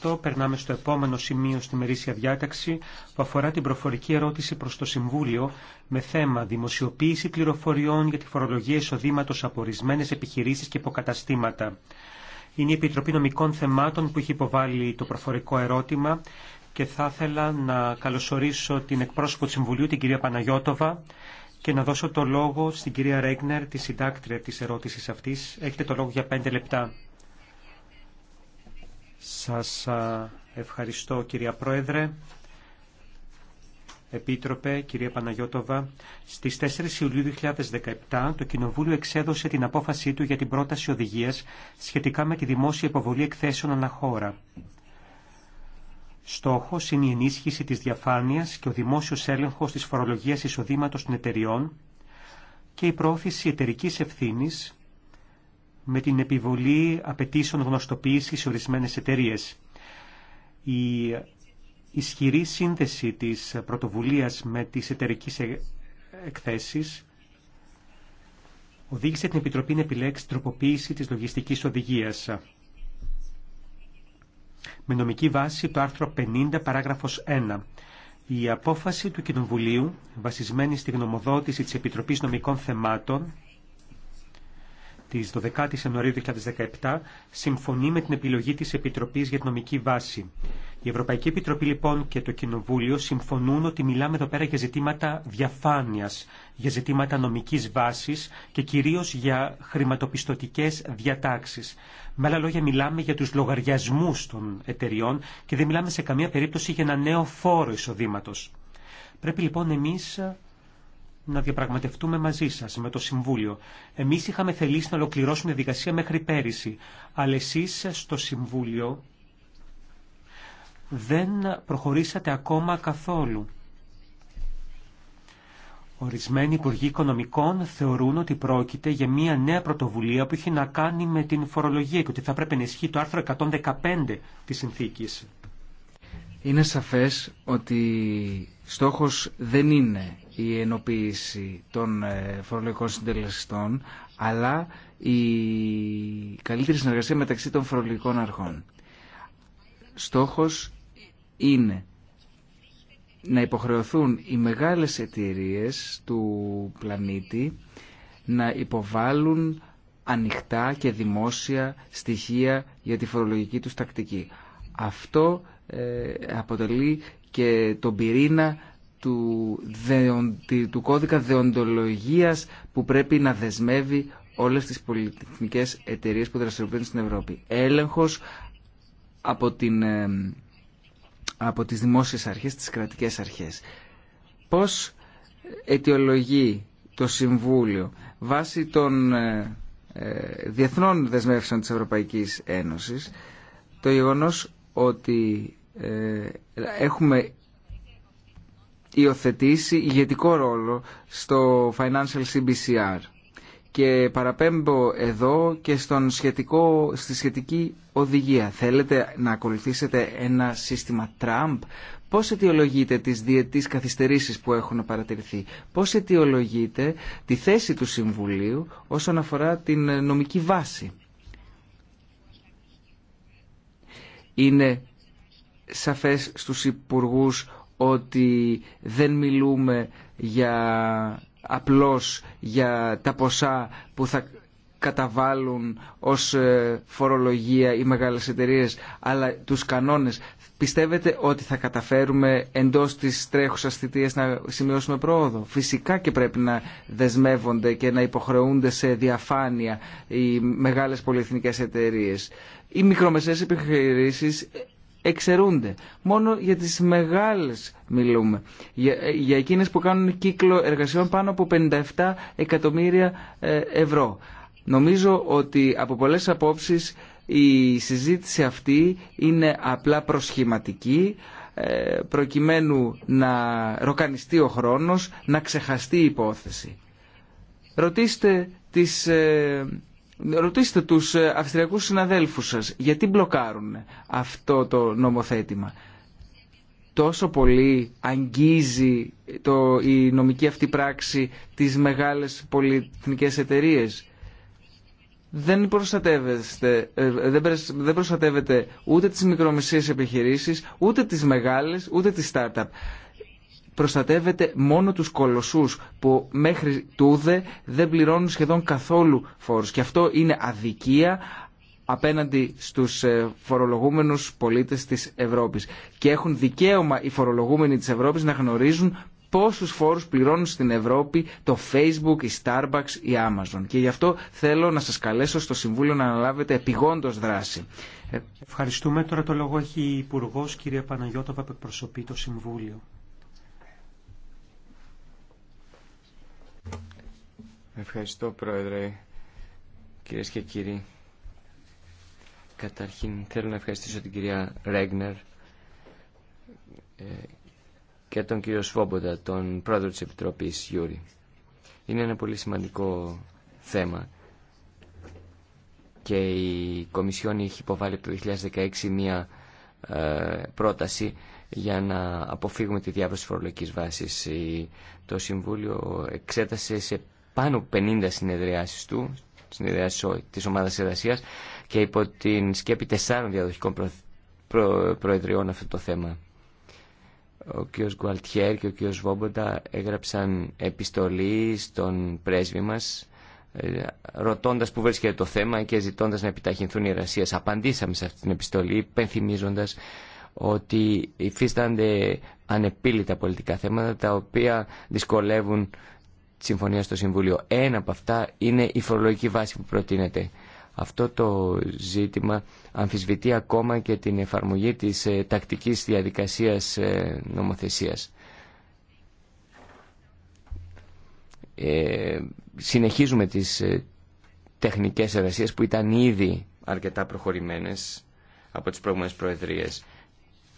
Ευχαριστώ. Περνάμε στο επόμενο σημείο στη μερίσια διάταξη που αφορά την προφορική ερώτηση προς το Συμβούλιο με θέμα δημοσιοποίηση πληροφοριών για τη φορολογία εισοδήματος από ορισμένε επιχειρήσεις και υποκαταστήματα. Είναι η Επιτροπή Νομικών Θεμάτων που έχει υποβάλει το προφορικό ερώτημα και θα ήθελα να καλωσορίσω την εκπρόσωπο του Συμβουλίου, την κυρία Παναγιώτοβα, και να δώσω το λόγο στην κυρία Ρέγνερ, τη συντάκτρια της ερώτησης αυτής. Έχετε το λόγο για πέντε λεπτά. Σας ευχαριστώ κυρία Πρόεδρε. Επίτροπε, κυρία Παναγιώτοβα, στις 4 Ιουλίου 2017 το Κοινοβούλιο εξέδωσε την απόφασή του για την πρόταση οδηγίας σχετικά με τη δημόσια υποβολή εκθέσεων αναχώρα. Στόχος είναι η ενίσχυση της διαφάνειας και ο δημόσιος έλεγχος της φορολογίας εισοδήματος των εταιριών και η πρόθεση εταιρικής ευθύνης με την επιβολή απαιτήσεων γνωστοποίηση σε ορισμένες εταιρείες. Η ισχυρή σύνδεση της πρωτοβουλίας με τις εταιρικές εκθέσεις οδήγησε την Επιτροπή να επιλέξει τροποποίηση της λογιστικής οδηγίας. Με νομική βάση το άρθρο 50 παράγραφος 1. Η απόφαση του Κοινοβουλίου, βασισμένη στη γνωμοδότηση της Επιτροπής Νομικών Θεμάτων, Τη 12 η Ιανουαρίου 2017 συμφωνεί με την επιλογή τη Επιτροπή για την νομική βάση. Η Ευρωπαϊκή Επιτροπή λοιπόν και το Κοινοβούλιο συμφωνούν ότι μιλάμε εδώ πέρα για ζητήματα διαφάνεια, για ζητήματα νομική βάση και κυρίω για χρηματοπιστωτικέ διατάξει. Με άλλα λόγια μιλάμε για του λογαριασμού των εταιριών και δεν μιλάμε σε καμία περίπτωση για ένα νέο φόρο εισοδήματο. Πρέπει λοιπόν εμεί να διαπραγματευτούμε μαζί σας με το Συμβούλιο. Εμείς είχαμε θελήσει να ολοκληρώσουμε διαδικασία μέχρι πέρυσι, αλλά εσεί στο Συμβούλιο δεν προχωρήσατε ακόμα καθόλου. Ορισμένοι Υπουργοί Οικονομικών θεωρούν ότι πρόκειται για μια νέα πρωτοβουλία που έχει να κάνει με την φορολογία και ότι θα πρέπει να ισχύει το άρθρο 115 της συνθήκης. Είναι σαφές ότι στόχος δεν είναι η ενοποίηση των ε, φορολογικών συντελεστών, αλλά η καλύτερη συνεργασία μεταξύ των φορολογικών αρχών. Στόχος είναι να υποχρεωθούν οι μεγάλες εταιρείες του πλανήτη να υποβάλουν ανοιχτά και δημόσια στοιχεία για τη φορολογική τους τακτική. Αυτό ε, αποτελεί και τον πυρήνα του, του κώδικα δεοντολογίας που πρέπει να δεσμεύει όλες τις πολυτεχνικές εταιρείες που δραστηριοποιούν στην Ευρώπη. Έλεγχος από, την, από τις δημόσιες αρχές, τις κρατικές αρχές. Πώς αιτιολογεί το Συμβούλιο βάσει των ε, ε, διεθνών δεσμεύσεων της Ευρωπαϊκής Ένωσης το γεγονός ότι ε, έχουμε υιοθετήσει ηγετικό ρόλο στο Financial CBCR. Και παραπέμπω εδώ και στον σχετικό, στη σχετική οδηγία. Θέλετε να ακολουθήσετε ένα σύστημα Τραμπ. Πώς αιτιολογείτε τις διετής καθυστερήσεις που έχουν παρατηρηθεί. Πώς αιτιολογείτε τη θέση του Συμβουλίου όσον αφορά την νομική βάση. Είναι σαφές στους υπουργούς ότι δεν μιλούμε για απλώς για τα ποσά που θα καταβάλουν ως ε, φορολογία οι μεγάλες εταιρείες αλλά τους κανόνες. Πιστεύετε ότι θα καταφέρουμε εντός της τρέχουσας θητείας να σημειώσουμε πρόοδο. Φυσικά και πρέπει να δεσμεύονται και να υποχρεούνται σε διαφάνεια οι μεγάλες πολυεθνικές εταιρείες. Οι μικρομεσαίες επιχειρήσεις εξαιρούνται. Μόνο για τις μεγάλες μιλούμε. Για, ε, για εκείνες που κάνουν κύκλο εργασιών πάνω από 57 εκατομμύρια ε, ευρώ. Νομίζω ότι από πολλές απόψεις η συζήτηση αυτή είναι απλά προσχηματική ε, προκειμένου να ροκανιστεί ο χρόνος, να ξεχαστεί η υπόθεση. Ρωτήστε τις Ρωτήστε τους ε, αυστριακούς συναδέλφους σας γιατί μπλοκάρουν αυτό το νομοθέτημα. Τόσο πολύ αγγίζει το, η νομική αυτή πράξη τις μεγάλες πολυεθνικές εταιρείες. Δεν, προστατεύεστε, ε, δεν, δεν ούτε τις μικρομεσαίες επιχειρήσεις, ούτε τις μεγάλες, ούτε τις startup προστατεύεται μόνο τους κολοσσούς που μέχρι τούδε δεν πληρώνουν σχεδόν καθόλου φόρους. Και αυτό είναι αδικία απέναντι στους ε, φορολογούμενους πολίτες της Ευρώπης. Και έχουν δικαίωμα οι φορολογούμενοι της Ευρώπης να γνωρίζουν πόσους φόρους πληρώνουν στην Ευρώπη το Facebook, η Starbucks, η Amazon. Και γι' αυτό θέλω να σας καλέσω στο Συμβούλιο να αναλάβετε επιγόντως δράση. Ε, Ευχαριστούμε. Τώρα το λόγο έχει η Υπουργός, κυρία Παναγιώτοβα, που εκπροσωπεί το Συμβούλιο. Ευχαριστώ Πρόεδρε, κυρίες και κύριοι. Καταρχήν θέλω να ευχαριστήσω την κυρία Ρέγνερ ε, και τον κύριο Σφόμποντα, τον πρόεδρο της Επιτροπής Γιούρη. Είναι ένα πολύ σημαντικό θέμα και η Κομισιόν έχει υποβάλει από το 2016 μία ε, πρόταση για να αποφύγουμε τη διάβρωση φορολογικής βάσης. Το Συμβούλιο εξέτασε σε πάνω 50 συνεδριάσεις του, συνεδριάσεις της ομάδας εργασίας και υπό την σκέπη τεσσάρων διαδοχικών προ... Προ... προεδριών αυτό το θέμα. Ο κ. Γκουαλτιέρ και ο κ. Βόμποντα έγραψαν επιστολή στον πρέσβη μας ε, ρωτώντα που βρίσκεται το θέμα και ζητώντας να επιταχυνθούν οι εργασίες. Απαντήσαμε σε αυτή την επιστολή, πενθυμίζοντας ότι υφίστανται ανεπίλητα πολιτικά θέματα τα οποία δυσκολεύουν συμφωνία στο Συμβούλιο. Ένα από αυτά είναι η φορολογική βάση που προτείνεται. Αυτό το ζήτημα αμφισβητεί ακόμα και την εφαρμογή της ε, τακτικής διαδικασίας ε, νομοθεσίας. Ε, συνεχίζουμε τις ε, τεχνικές εργασίες που ήταν ήδη αρκετά προχωρημένες από τις προηγούμενες προεδρίες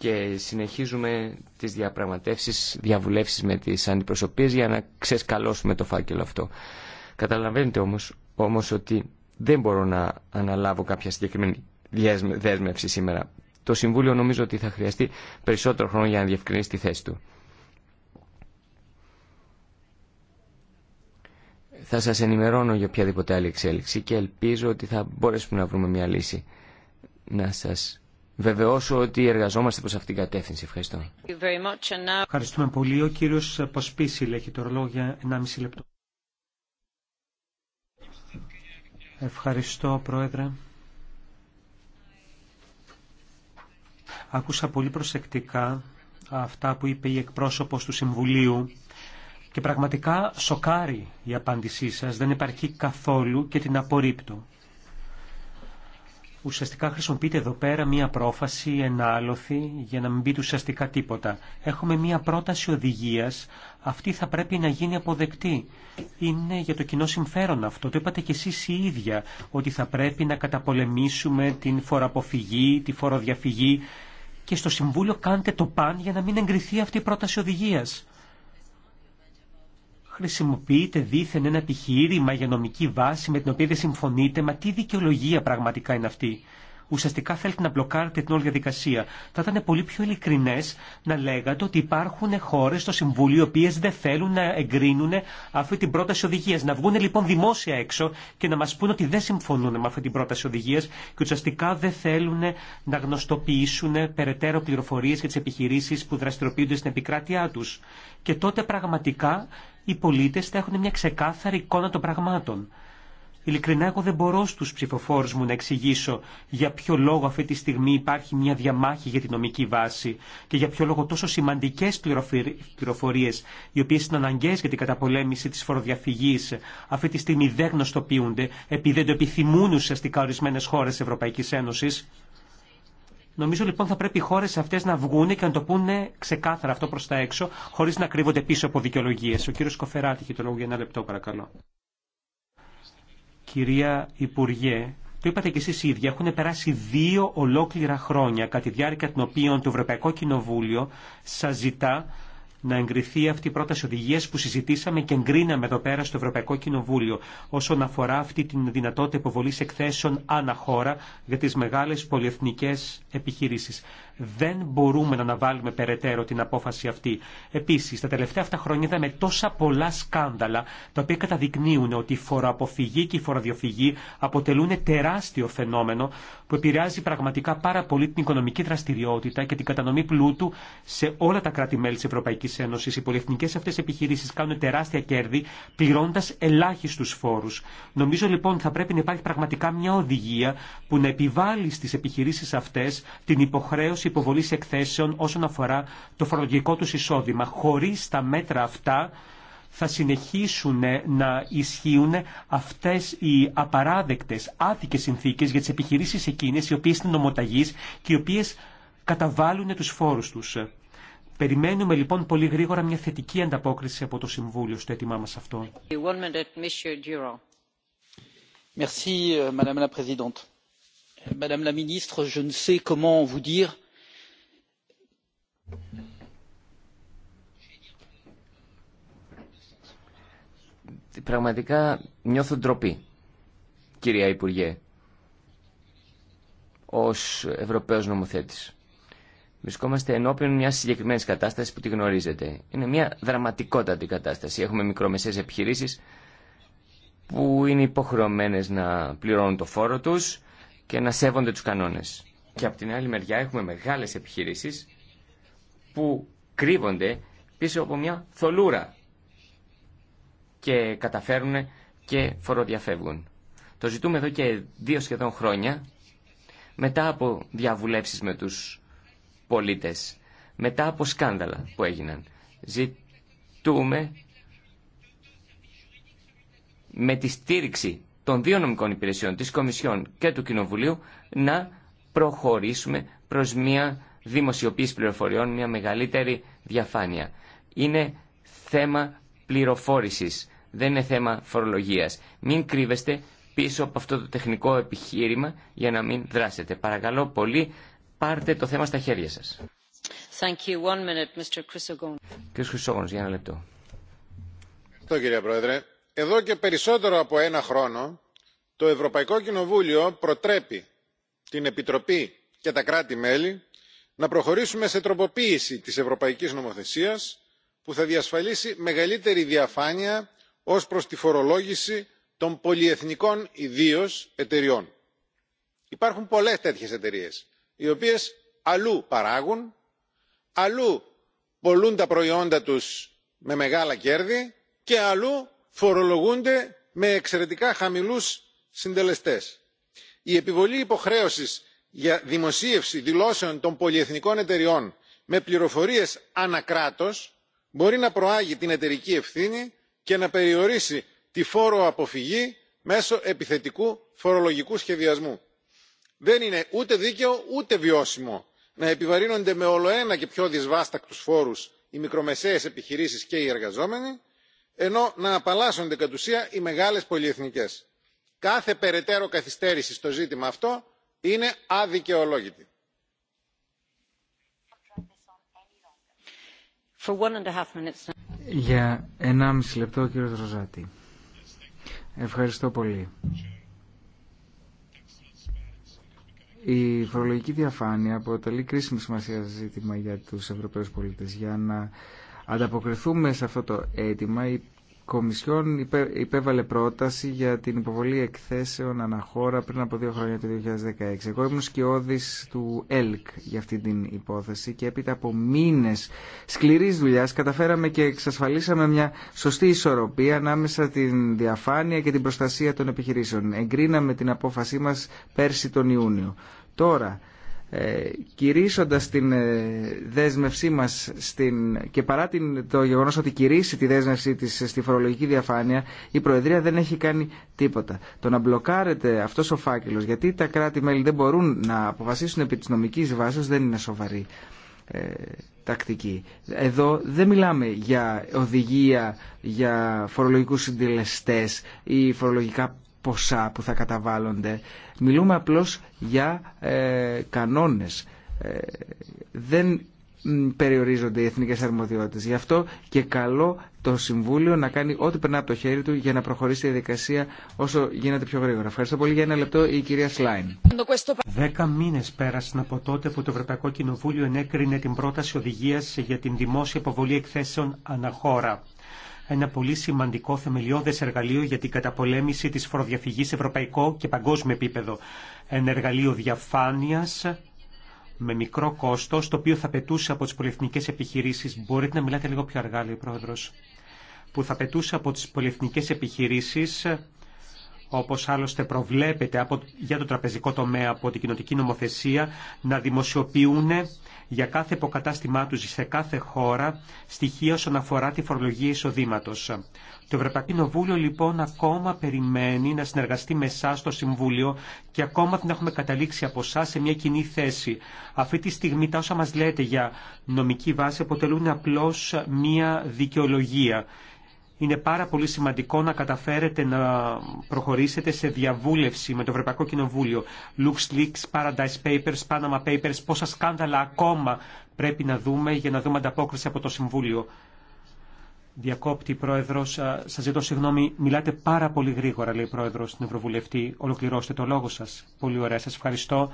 και συνεχίζουμε τις διαπραγματεύσεις, διαβουλεύσεις με τις αντιπροσωπείες για να ξεσκαλώσουμε το φάκελο αυτό. Καταλαβαίνετε όμως, όμως ότι δεν μπορώ να αναλάβω κάποια συγκεκριμένη δέσμευση σήμερα. Το Συμβούλιο νομίζω ότι θα χρειαστεί περισσότερο χρόνο για να διευκρινίσει τη θέση του. Θα σας ενημερώνω για οποιαδήποτε άλλη εξέλιξη και ελπίζω ότι θα μπορέσουμε να βρούμε μια λύση. Να σας βεβαιώσω ότι εργαζόμαστε προς αυτήν την κατεύθυνση. Ευχαριστώ. Ευχαριστούμε πολύ. Ο κύριος Ποσπίσιλ έχει το ρολόγιο για 1,5 λεπτό. Ευχαριστώ, Πρόεδρε. Άκουσα πολύ προσεκτικά αυτά που είπε η εκπρόσωπος του Συμβουλίου και πραγματικά σοκάρει η απάντησή σας. Δεν υπάρχει καθόλου και την απορρίπτω. Ουσιαστικά χρησιμοποιείται εδώ πέρα μία πρόφαση, ένα άλοθη, για να μην πείτε ουσιαστικά τίποτα. Έχουμε μία πρόταση οδηγίας, αυτή θα πρέπει να γίνει αποδεκτή. Είναι για το κοινό συμφέρον αυτό. Το είπατε κι εσείς η ίδια, ότι θα πρέπει να καταπολεμήσουμε την φοροαποφυγή, τη φοροδιαφυγή και στο Συμβούλιο κάντε το παν για να μην εγκριθεί αυτή η πρόταση οδηγίας χρησιμοποιείτε δήθεν ένα επιχείρημα για νομική βάση με την οποία δεν συμφωνείτε, μα τι δικαιολογία πραγματικά είναι αυτή ουσιαστικά θέλετε να μπλοκάρετε την όλη διαδικασία. Θα ήταν πολύ πιο ειλικρινέ να λέγατε ότι υπάρχουν χώρε στο Συμβούλιο οι οποίε δεν θέλουν να εγκρίνουν αυτή την πρόταση οδηγία. Να βγουν λοιπόν δημόσια έξω και να μα πούνε ότι δεν συμφωνούν με αυτή την πρόταση οδηγία και ουσιαστικά δεν θέλουν να γνωστοποιήσουν περαιτέρω πληροφορίε για τι επιχειρήσει που δραστηριοποιούνται στην επικράτειά του. Και τότε πραγματικά οι πολίτε θα έχουν μια ξεκάθαρη εικόνα των πραγμάτων. Ειλικρινά εγώ δεν μπορώ στους ψηφοφόρους μου να εξηγήσω για ποιο λόγο αυτή τη στιγμή υπάρχει μια διαμάχη για την νομική βάση και για ποιο λόγο τόσο σημαντικές πληροφορίες οι οποίες είναι αναγκαίες για την καταπολέμηση της φοροδιαφυγής αυτή τη στιγμή δεν γνωστοποιούνται επειδή δεν το επιθυμούν ουσιαστικά ορισμένες χώρες Ευρωπαϊκής Ένωσης. Νομίζω λοιπόν θα πρέπει οι χώρε αυτέ να βγούνε και να το πούνε ξεκάθαρα αυτό προ τα έξω, χωρί να κρύβονται πίσω από δικαιολογίε. Ο κύριο Κοφεράτη έχει το λόγο για ένα λεπτό, παρακαλώ. Κυρία Υπουργέ, το είπατε και εσείς ίδια, έχουν περάσει δύο ολόκληρα χρόνια κατά τη διάρκεια των οποίων το Ευρωπαϊκό Κοινοβούλιο σας ζητά να εγκριθεί αυτή η πρόταση οδηγία που συζητήσαμε και εγκρίναμε εδώ πέρα στο Ευρωπαϊκό Κοινοβούλιο όσον αφορά αυτή την δυνατότητα υποβολή εκθέσεων ανά χώρα για τι μεγάλε πολυεθνικέ επιχειρήσει. Δεν μπορούμε να αναβάλουμε περαιτέρω την απόφαση αυτή. Επίση, τα τελευταία αυτά χρόνια είδαμε τόσα πολλά σκάνδαλα, τα οποία καταδεικνύουν ότι η φοροαποφυγή και η φοροδιοφυγή αποτελούν τεράστιο φαινόμενο που επηρεάζει πραγματικά πάρα πολύ την οικονομική δραστηριότητα και την κατανομή πλούτου σε όλα τα κράτη-μέλη τη Ευρωπαϊκή Ένωση. Οι πολυεθνικέ αυτέ επιχειρήσει κάνουν τεράστια κέρδη, πληρώντα ελάχιστου φόρου. Νομίζω λοιπόν θα πρέπει να υπάρχει πραγματικά μια οδηγία που να επιβάλλει στι επιχειρήσει αυτέ την υποχρέωση υποβολή εκθέσεων όσον αφορά το φορολογικό του εισόδημα. Χωρί τα μέτρα αυτά θα συνεχίσουν να ισχύουν αυτές οι απαράδεκτες, άδικες συνθήκες για τις επιχειρήσεις εκείνες οι οποίες είναι νομοταγείς και οι οποίες καταβάλουν τους φόρους τους. Περιμένουμε λοιπόν πολύ γρήγορα μια θετική ανταπόκριση από το Συμβούλιο στο έτοιμά μα αυτό. Πραγματικά νιώθω ντροπή, κυρία Υπουργέ, ως Ευρωπαίος νομοθέτης. Βρισκόμαστε ενώπιον μια συγκεκριμένη κατάσταση που τη γνωρίζετε. Είναι μια δραματικότατη κατάσταση. Έχουμε μικρομεσαίες επιχειρήσεις που είναι υποχρεωμένες να πληρώνουν το φόρο τους και να σέβονται τους κανόνες. Και από την άλλη μεριά έχουμε μεγάλες επιχειρήσεις που κρύβονται πίσω από μια θολούρα και καταφέρουν και φοροδιαφεύγουν. Το ζητούμε εδώ και δύο σχεδόν χρόνια μετά από διαβουλεύσεις με τους πολίτες, μετά από σκάνδαλα που έγιναν. Ζητούμε με τη στήριξη των δύο νομικών υπηρεσιών, της Κομισιόν και του Κοινοβουλίου, να προχωρήσουμε προς μια δημοσιοποίηση πληροφοριών, μια μεγαλύτερη διαφάνεια. Είναι θέμα πληροφόρησης, δεν είναι θέμα φορολογίας. Μην κρύβεστε πίσω από αυτό το τεχνικό επιχείρημα για να μην δράσετε. Παρακαλώ πολύ, πάρτε το θέμα στα χέρια σας. Thank you. για ένα λεπτό. Ευχαριστώ κύριε Πρόεδρε. Εδώ και περισσότερο από ένα χρόνο το Ευρωπαϊκό Κοινοβούλιο προτρέπει την Επιτροπή και τα κράτη-μέλη να προχωρήσουμε σε τροποποίηση της ευρωπαϊκής νομοθεσίας που θα διασφαλίσει μεγαλύτερη διαφάνεια ως προς τη φορολόγηση των πολυεθνικών ιδίως εταιριών. υπάρχουν πολλές τέτοιες εταιρείες οι οποίες αλλού παράγουν αλλού πολλούν τα προϊόντα τους με μεγάλα κέρδη και αλλού φορολογούνται με εξαιρετικά χαμηλούς συντελεστές. η επιβολή υποχρέωσης για δημοσίευση δηλώσεων των πολυεθνικών εταιριών με πληροφορίες ανά μπορεί να προάγει την εταιρική ευθύνη και να περιορίσει τη αποφυγή μέσω επιθετικού φορολογικού σχεδιασμού. δεν είναι ούτε δίκαιο ούτε βιώσιμο να επιβαρύνονται με ολοένα και πιο δυσβάστακτους φόρους οι μικρομεσαίες επιχειρήσεις και οι εργαζόμενοι ενώ να απαλλάσσονται κατ' ουσία οι μεγάλες πολυεθνικές. κάθε περαιτέρω καθυστέρηση στο ζήτημα αυτό είναι αδικαιολόγητη. Για 1,5 λεπτό, κύριε Ροζάτη. Ευχαριστώ πολύ. Η φορολογική διαφάνεια αποτελεί κρίσιμη σημασία ζήτημα για τους Ευρωπαίους πολίτες. Για να ανταποκριθούμε σε αυτό το αίτημα, Κομισιόν υπέβαλε πρόταση για την υποβολή εκθέσεων αναχώρα πριν από δύο χρόνια το 2016. Εγώ ήμουν σκιώδης του ΕΛΚ για αυτή την υπόθεση και έπειτα από μήνες σκληρής δουλειάς καταφέραμε και εξασφαλίσαμε μια σωστή ισορροπία ανάμεσα την διαφάνεια και την προστασία των επιχειρήσεων. Εγκρίναμε την απόφασή μας πέρσι τον Ιούνιο. Τώρα ε, κηρύσσοντας την ε, δέσμευσή μας στην, και παρά την, το γεγονός ότι κηρύσσει τη δέσμευσή της ε, στη φορολογική διαφάνεια η Προεδρία δεν έχει κάνει τίποτα. Το να μπλοκάρεται αυτός ο φάκελος γιατί τα κράτη-μέλη δεν μπορούν να αποφασίσουν επί της νομικής βάσης δεν είναι σοβαρή τακτική. Εδώ δεν μιλάμε για οδηγία για φορολογικούς συντελεστές ή φορολογικά ποσά που θα καταβάλλονται. Μιλούμε απλώς για ε, κανόνες. Ε, δεν περιορίζονται οι εθνικές αρμοδιότητες. Γι' αυτό και καλό το Συμβούλιο να κάνει ό,τι περνά από το χέρι του για να προχωρήσει η διαδικασία όσο γίνεται πιο γρήγορα. Ευχαριστώ πολύ για ένα λεπτό η κυρία Σλάιν. Δέκα μήνες πέρασαν από τότε που το Ευρωπαϊκό Κοινοβούλιο ενέκρινε την πρόταση οδηγίας για την δημόσια υποβολή εκθέσεων αναχώρα ένα πολύ σημαντικό θεμελιώδες εργαλείο για την καταπολέμηση της φοροδιαφυγής σε ευρωπαϊκό και παγκόσμιο επίπεδο. Ένα εργαλείο διαφάνειας με μικρό κόστος, το οποίο θα πετούσε από τις πολυεθνικές επιχειρήσεις. Μπορείτε να μιλάτε λίγο πιο αργά, λέει ο Πρόεδρος. Που θα πετούσε από τις πολυεθνικές επιχειρήσεις όπως άλλωστε προβλέπεται από, για το τραπεζικό τομέα από την κοινοτική νομοθεσία, να δημοσιοποιούν για κάθε υποκατάστημά τους σε κάθε χώρα στοιχεία όσον αφορά τη φορολογία εισοδήματο. Το Ευρωπαϊκό Κοινοβούλιο λοιπόν ακόμα περιμένει να συνεργαστεί με εσά στο Συμβούλιο και ακόμα δεν έχουμε καταλήξει από εσά σε μια κοινή θέση. Αυτή τη στιγμή τα όσα μας λέτε για νομική βάση αποτελούν απλώς μια δικαιολογία είναι πάρα πολύ σημαντικό να καταφέρετε να προχωρήσετε σε διαβούλευση με το Ευρωπαϊκό Κοινοβούλιο. LuxLeaks, Paradise Papers, Panama Papers, πόσα σκάνδαλα ακόμα πρέπει να δούμε για να δούμε ανταπόκριση από το Συμβούλιο. Διακόπτη, Πρόεδρο. Σα ζητώ συγγνώμη, μιλάτε πάρα πολύ γρήγορα, λέει Πρόεδρο στην Ευρωβουλευτή. Ολοκληρώστε το λόγο σα. Πολύ ωραία, σα ευχαριστώ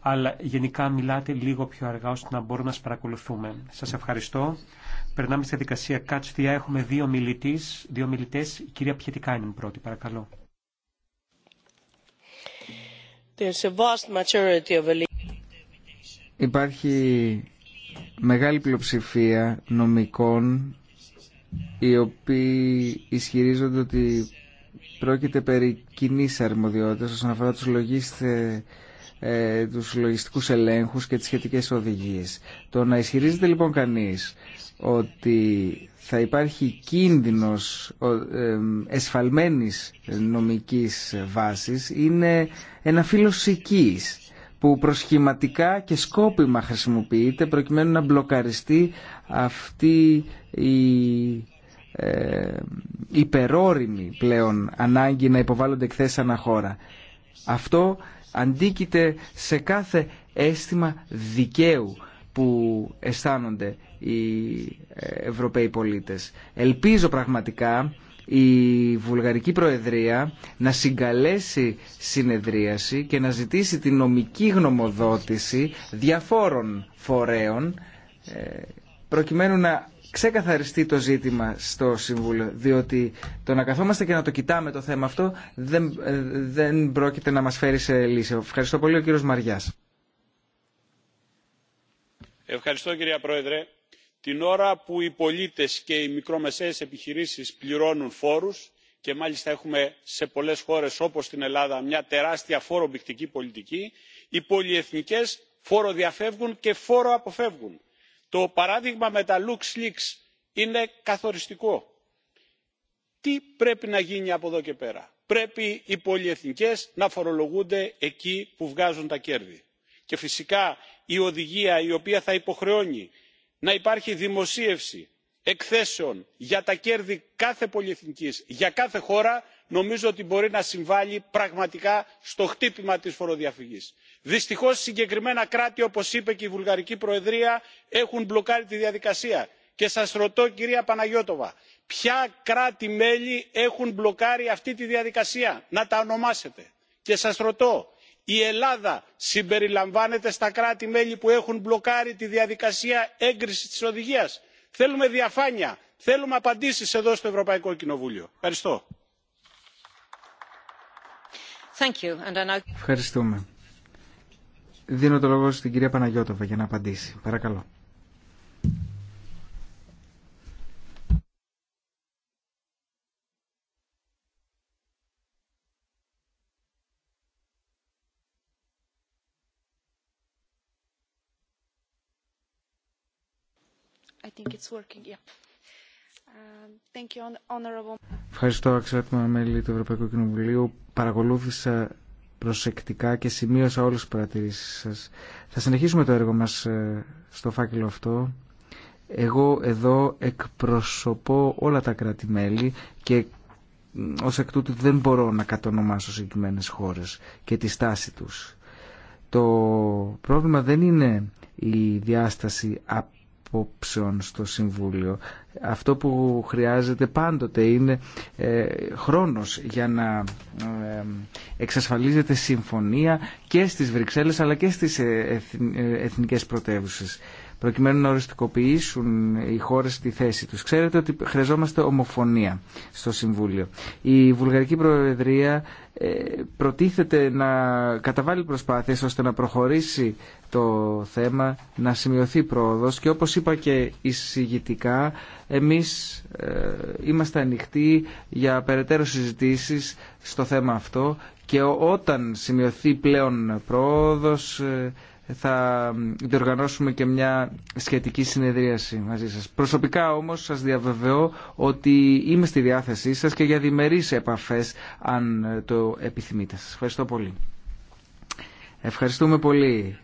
αλλά γενικά μιλάτε λίγο πιο αργά ώστε να μπορούμε να σας παρακολουθούμε. Σας ευχαριστώ. Περνάμε στη δικασία Κάτσθια. Έχουμε δύο, μιλητές. δύο μιλητές. κυρία Πιετικά είναι πρώτη. Παρακαλώ. Υπάρχει μεγάλη πλειοψηφία νομικών οι οποίοι ισχυρίζονται ότι πρόκειται περί κοινής αρμοδιότητας όσον αφορά τους λογίστε ε, τους λογιστικούς ελέγχους και τις σχετικές οδηγίες. Το να ισχυρίζεται λοιπόν κανείς ότι θα υπάρχει κίνδυνος εσφαλμένης νομικής βάσης είναι ένα φύλλος που προσχηματικά και σκόπιμα χρησιμοποιείται προκειμένου να μπλοκαριστεί αυτή η ε, πλέον ανάγκη να υποβάλλονται εκθέσεις αναχώρα. Αυτό αντίκειται σε κάθε αίσθημα δικαίου που αισθάνονται οι ε, Ευρωπαίοι πολίτες. Ελπίζω πραγματικά η Βουλγαρική Προεδρία να συγκαλέσει συνεδρίαση και να ζητήσει την νομική γνωμοδότηση διαφόρων φορέων ε, προκειμένου να ξεκαθαριστεί το ζήτημα στο Συμβούλιο, διότι το να καθόμαστε και να το κοιτάμε το θέμα αυτό δεν, ε, δεν πρόκειται να μας φέρει σε λύση. Ευχαριστώ πολύ ο κύριος Μαριάς. Ευχαριστώ κυρία Πρόεδρε. Την ώρα που οι πολίτες και οι μικρομεσαίες επιχειρήσεις πληρώνουν φόρους και μάλιστα έχουμε σε πολλές χώρες όπως την Ελλάδα μια τεράστια φορομπηκτική πολιτική, οι πολυεθνικές φόρο και φόρο αποφεύγουν το παράδειγμα με τα luxleaks είναι καθοριστικό. τι πρέπει να γίνει από εδώ και πέρα; πρέπει οι πολυεθνικές να φορολογούνται εκεί που βγάζουν τα κέρδη και φυσικά η οδηγία η οποία θα υποχρεώνει να υπάρχει δημοσίευση εκθέσεων για τα κέρδη κάθε πολυεθνικής για κάθε χώρα νομίζω ότι μπορεί να συμβάλλει πραγματικά στο χτύπημα της φοροδιαφυγής. δυστυχώς συγκεκριμένα κράτη όπως είπε και η βουλγαρική προεδρία έχουν μπλοκάρει τη διαδικασία και σας ρωτώ κυρία παναγιώτοβα ποια κράτη μέλη έχουν μπλοκάρει αυτή τη διαδικασία να τα ονομάσετε. και σας ρωτώ η ελλάδα συμπεριλαμβάνεται στα κράτη μέλη που έχουν μπλοκάρει τη διαδικασία έγκρισης της οδηγίας. θέλουμε διαφάνεια θέλουμε απαντήσεις εδώ στο ευρωπαϊκό κοινοβούλιο. ευχαριστώ. Ευχαριστούμε. Δίνω το λόγο στην κυρία Παναγιώτοβα για να απαντήσει. Παρακαλώ. I think it's working. Ευχαριστώ, αξιότιμα μέλη του Ευρωπαϊκού Κοινοβουλίου. Παρακολούθησα προσεκτικά και σημείωσα όλες τις παρατηρήσεις σας. Θα συνεχίσουμε το έργο μας ε, στο φάκελο αυτό. Εγώ εδώ εκπροσωπώ όλα τα κράτη-μέλη και ως εκ τούτου δεν μπορώ να κατονομάσω συγκεκριμένες χώρες και τη στάση τους. Το πρόβλημα δεν είναι η διάσταση απόψεων στο Συμβούλιο. Αυτό που χρειάζεται πάντοτε είναι ε, χρόνος για να ε, εξασφαλίζεται συμφωνία και στις Βρυξέλλες αλλά και στις ε, εθνικές πρωτεύουσες προκειμένου να οριστικοποιήσουν οι χώρες τη θέση τους. Ξέρετε ότι χρειαζόμαστε ομοφωνία στο Συμβούλιο. Η Βουλγαρική Προεδρία ε, προτίθεται να καταβάλει προσπάθειες ώστε να προχωρήσει το θέμα, να σημειωθεί πρόοδος και όπως είπα και εισηγητικά, εμείς ε, είμαστε ανοιχτοί για περαιτέρω συζητήσεις στο θέμα αυτό και όταν σημειωθεί πλέον πρόοδος ε, θα διοργανώσουμε και μια σχετική συνεδρίαση μαζί σας. Προσωπικά όμως σας διαβεβαιώ ότι είμαι στη διάθεσή σας και για διμερείς επαφές αν το επιθυμείτε. Σας ευχαριστώ πολύ. Ευχαριστούμε πολύ.